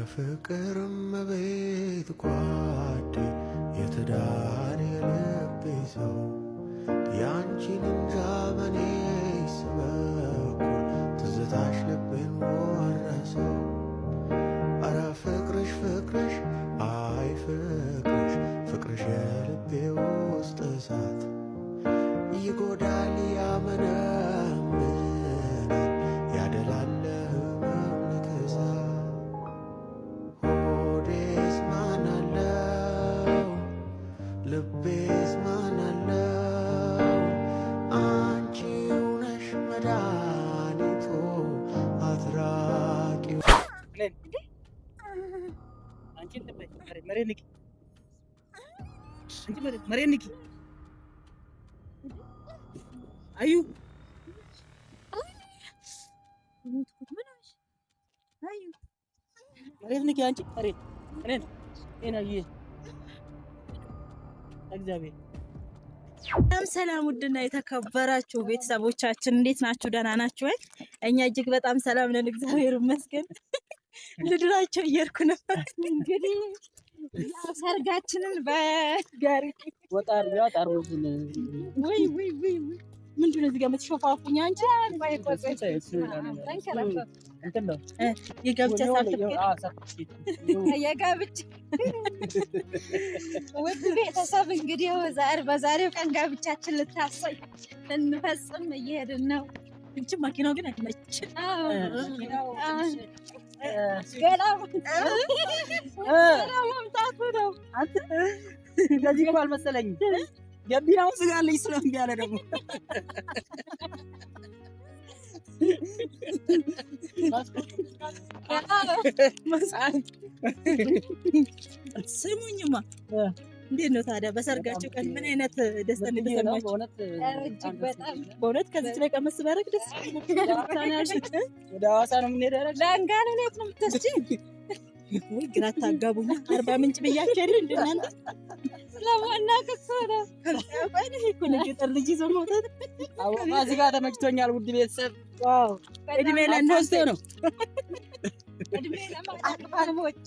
የፍቅርም ቤት ጓዴ የትዳር የልቤ ሰው ያንቺን እንጃ በኔ ስበኩል ትዝታሽ ልቤን ወረሰው። አረ ፍቅርሽ ፍቅርሽ አይ ፍቅርሽ ፍቅርሽ የልቤ ውስጥ እሳት ይጎዳል ያመነ ላይ አንቺ መሬ ንቂ አዩ መሬት ንቂ አንቺ መሬት እኔን እኔን እግዚአብሔር ሰላም ሰላም፣ ውድና የተከበራችሁ ቤተሰቦቻችን እንዴት ናችሁ? ደህና ናችሁ ወይ? እኛ እጅግ በጣም ሰላም ነን፣ እግዚአብሔር ይመስገን። ልድራቸው እየርኩ ነበር። እንግዲህ ሰርጋችንን በጋሪ ወጣር ያጣሩልን ወይ ወይ ወይ ምንድን ነው እዚህ ጋር የምትሸፋፉኝ አንቺ? የጋብቻ የጋብቻ ውድ ቤተሰብ እንግዲህ በዛሬው ቀን ጋብቻችን ልታሰኝ እንፈጽም እየሄድን ነው። እንቺ ማኪናው ግን አይመች ገና መምጣቱ ነው። እንደዚህ እኮ አልመሰለኝም። ገቢናውን ስጋ አለኝ ስለምቢ ያለ ደግሞ ስሙኝማ እንዴት ነው ታዲያ በሰርጋችሁ ቀን ምን አይነት ደስታ ነው የተሰማችሁ? በእውነት ከዚች ላይ ቀመስ ባደርግ ደስ ወደ ሐዋሳ ነው የምንሄደው። ለእንጋነ ኔት ነው የምትስጂ ወይ ግራ ታጋቡኛ። አርባ ምንጭ ብያቸው አይደል እንደ እናንተ ስለማናቅስ ሆነ እኮ ነጌጠር ልጅ ይዞ መውጣት እዚህ ጋር ተመችቶኛል። ውድ ቤተሰብ እድሜ ለእናንተ ነው። እድሜ ለማቅፋልሞች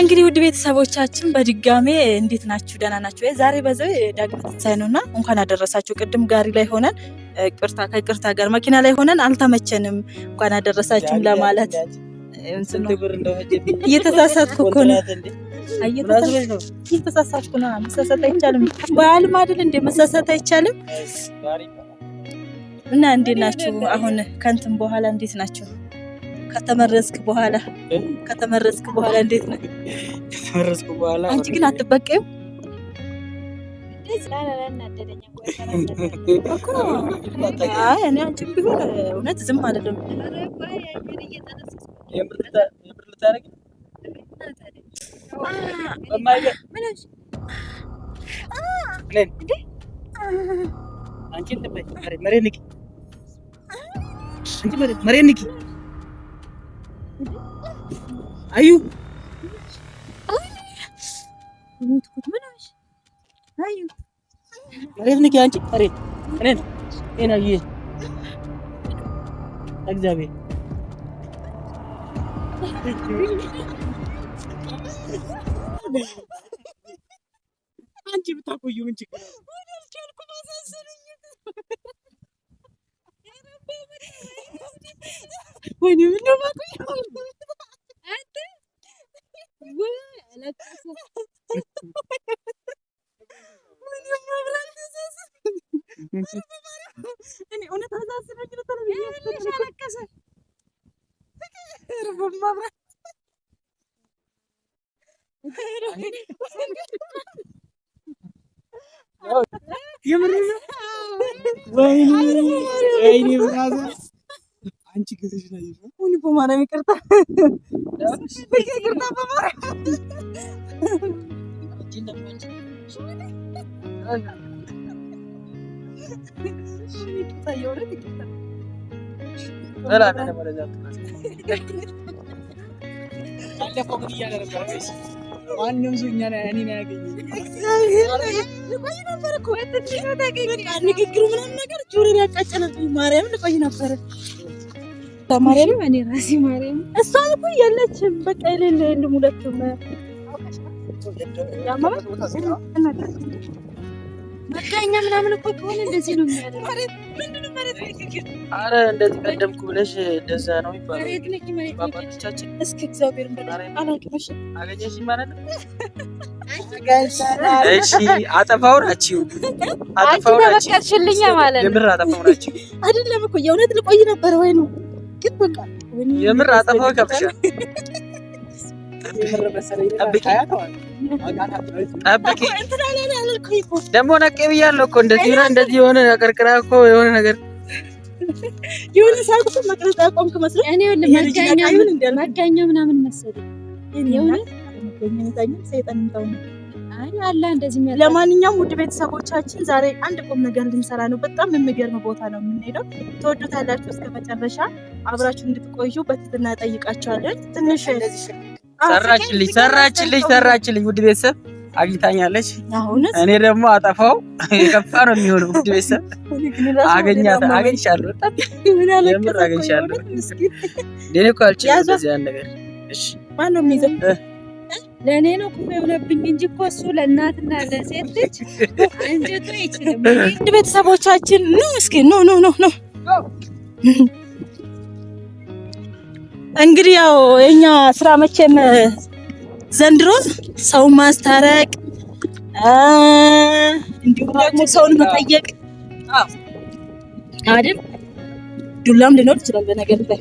እንግዲህ ውድ ቤተሰቦቻችን በድጋሜ እንዴት ናችሁ? ደህና ናችሁ? ዛሬ በዛው ዳግም ትንሣኤ ነውና እንኳን አደረሳችሁ። ቅድም ጋሪ ላይ ሆነን ቅርታ ከቅርታ ጋር መኪና ላይ ሆነን አልተመቸንም። እንኳን አደረሳችሁም ለማለት እየተሳሳትኩ እኮ ነው እየተሳሳትኩ ነው። መሳሳት አይቻልም። በዓልም አይደል እንደ መሳሳት አይቻልም። እና እንዴት ናችሁ? አሁን ከንትም በኋላ እንዴት ናችሁ? ከተመረዝክ በኋላ ከተመረዝክ በኋላ እንዴት ነው? ከተመረዝኩ በኋላ አንቺ ግን አትበቀይም። እኔ አንቺም ቢሆን እውነት ዝም አይደለም። አንቺ መሬ ንቂ አዩ መሬት ንኪ አንቺ መሬት እኔን እኔን አዩ እግዚአብሔር አንቺ ብታቆዩ ምን ችግር ወይኔ ምነው የምር ነው ወይኔ አንቺ ጊዜሽ ላይ ይሁን በማርያም ይቅርታ፣ ይቅርታ በማርያም ማንም ሰው እኛ እኔ ነው ንግግሩ ምናምን ነገር ጆሮን ያቃጨለብኝ። ማርያም ልቆይ ነበረ። ማርያም እኔ ራሴ እሷን እኮ የለችም። በቃ የሌለ የለም ሁለቱም መገኛ ምናምን እኮ ከሆነ እንደዚህ ነው የሚያደርገው። ኧረ እንደዚህ ቀደምኩ ብለሽ እንደዛ ነው ይባላል። አባቶቻችን እግዚአብሔር ማለት ነው። እሺ አጠፋው ናችሁ፣ አጠፋው ናችሁ፣ የምር አጠፋው ናችሁ አይደለም እኮ የእውነት ልቆይ ነበረ ወይ ነው ግን በቃ የምር አጠፋው ደግሞ ነቄ ብያለሁ እኮ እንደዚህ ሆነ እንደዚህ የሆነ ቅርቅራ እኮ የሆነ ነገር የሆነ ሳቁ መቅረጽ አቆምክ መስሎኝ እኔ ምናምን መሰለኝ የሆነ ለማንኛውም ውድ ቤተሰቦቻችን ዛሬ አንድ ቁም ነገር ልንሰራ ነው። በጣም የሚገርም ቦታ ነው የምንሄደው። ተወዱታላችሁ። እስከ መጨረሻ አብራችሁ እንድትቆዩ በትህትና ጠይቃችኋለን። ትንሽ ሰራችልኝ ሰራችልኝ ሰራችልኝ። ውድ ቤተሰብ አግኝታኛለች። እኔ ደግሞ አጠፋው የከፋ ነው የሚሆነው። ውድ ቤተሰብ አገኛት አገኝሻለሁ፣ የምር አገኝሻለሁ። እኔ እኮ አልችልም እንደዚህ ነገር። እሺ ማነው የሚይዘው? ለእኔ ነው እኮ የሆነብኝ እንጂ እኮ እሱ ለእናትና ለሴት ልጅ እንጀቱ አይችልም። እንድ ቤተሰቦቻችን ኑ እስኪ ኑ ኑ ኑ ኑ። እንግዲህ ያው የኛ ስራ መቼም ዘንድሮ ሰው ማስታረቅ እንዲሁም ደግሞ ሰውን መጠየቅ አይደል ዱላም ሊኖር ይችላል። በነገር ላይ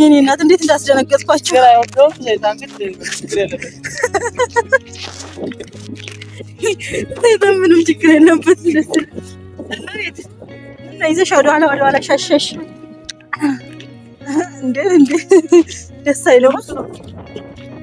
የኔ እናት እንዴት እንዳስደነገጥኳቸው ምንም ችግር የለበት። እና ይዘሽ ወደኋላ ወደኋላ ሻሻሽ እንዴ! እንዴ! ደስ አይለውም።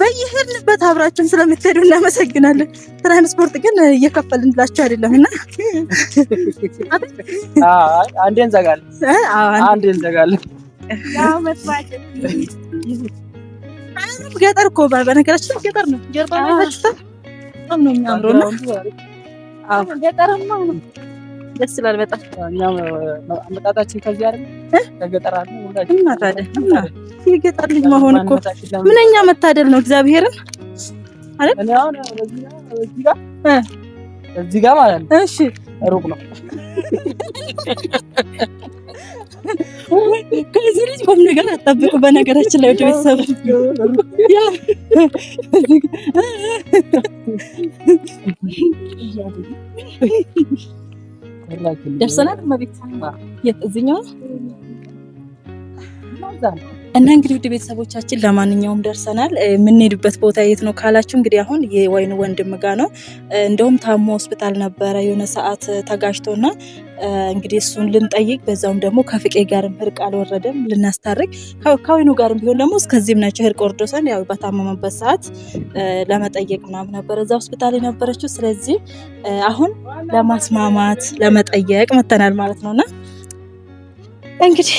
በየሄድንበት አብራችሁን ስለምትሄዱ እናመሰግናለን። ትራንስፖርት ግን እየከፈልን ብላችሁ አይደለም እና አንዴ እንዘጋለን አንዴ እንዘጋለን። ገጠር እኮ በነገራችን ገጠር ነው። ጀርባ በጣም ነው የሚያምረው እና ገጠርማ ደስ ይላል በጣም እኛም መጣታችን ከዚህ አይደል ከገጠር አለ የገጠር ልጅ መሆን እኮ ምንኛ መታደል ነው። እግዚአብሔርን አይደል? እዚህ ጋር ማለት ነው። እሺ፣ ሩቅ ነው። ከዚህ ልጅ ቁም ነገር አጠብቁ። በነገራችን ላይ ወደ ቤተሰብ ደርሰናል። መቤት የት እዚኛው እና እንግዲህ ውድ ቤተሰቦቻችን ለማንኛውም ደርሰናል። የምንሄዱበት ቦታ የት ነው ካላችሁ እንግዲህ አሁን የወይኑ ወንድም ጋ ነው። እንደውም ታሞ ሆስፒታል ነበረ የሆነ ሰዓት ተጋጅቶና እንግዲህ እሱን ልንጠይቅ በዛውም ደግሞ ከፍቄ ጋርም እርቅ አልወረደም ልናስታርቅ ከወይኑ ጋርም ቢሆን ደግሞ እስከዚህም ናቸው እርቅ ወርዶሰን ያው በታመመበት ሰዓት ለመጠየቅ ምናምን ነበረ እዛ ሆስፒታል የነበረችው። ስለዚህ አሁን ለማስማማት ለመጠየቅ መተናል ማለት ነውና እንግዲህ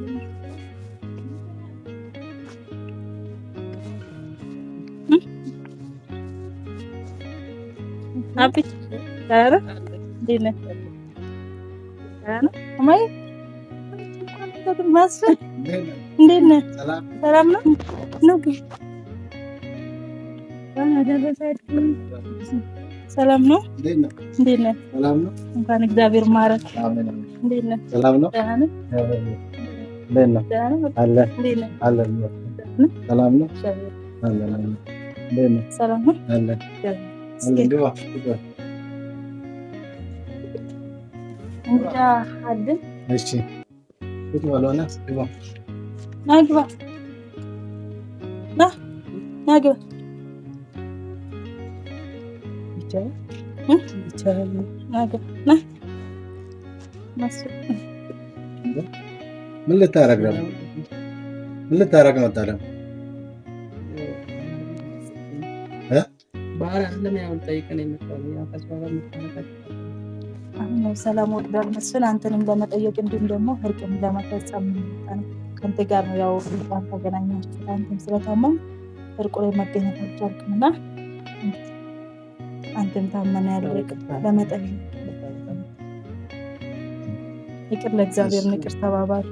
አብይ ዳራ ዲነ ዳራ እንዴት ሰላም ነው ነው ሰላም ነው። እንዴት ነህ? እንኳን እግዚአብሔር ማረህ። እንዴት ነህ? ሰላም ነው። ሰላም ነው። ሰላም ነው። Halleluja. ሙጃሃድን ምን ልታረግ ነው? ምን ልታረግ ነው? ለምን ሰላም ወርዳል መስል አንተንም ለመጠየቅ እንዲሁም ደግሞ እርቅም ለመፈጸም ከንቴ ጋር ነው ያው ቃን ተገናኛችሁ። አንተም ስለታመም እርቁ ላይ መገኘት አልቻልክም እና አንተም ታመና ያለቅ ለመጠየቅ ይቅር ለእግዚአብሔር ንቅር ተባባል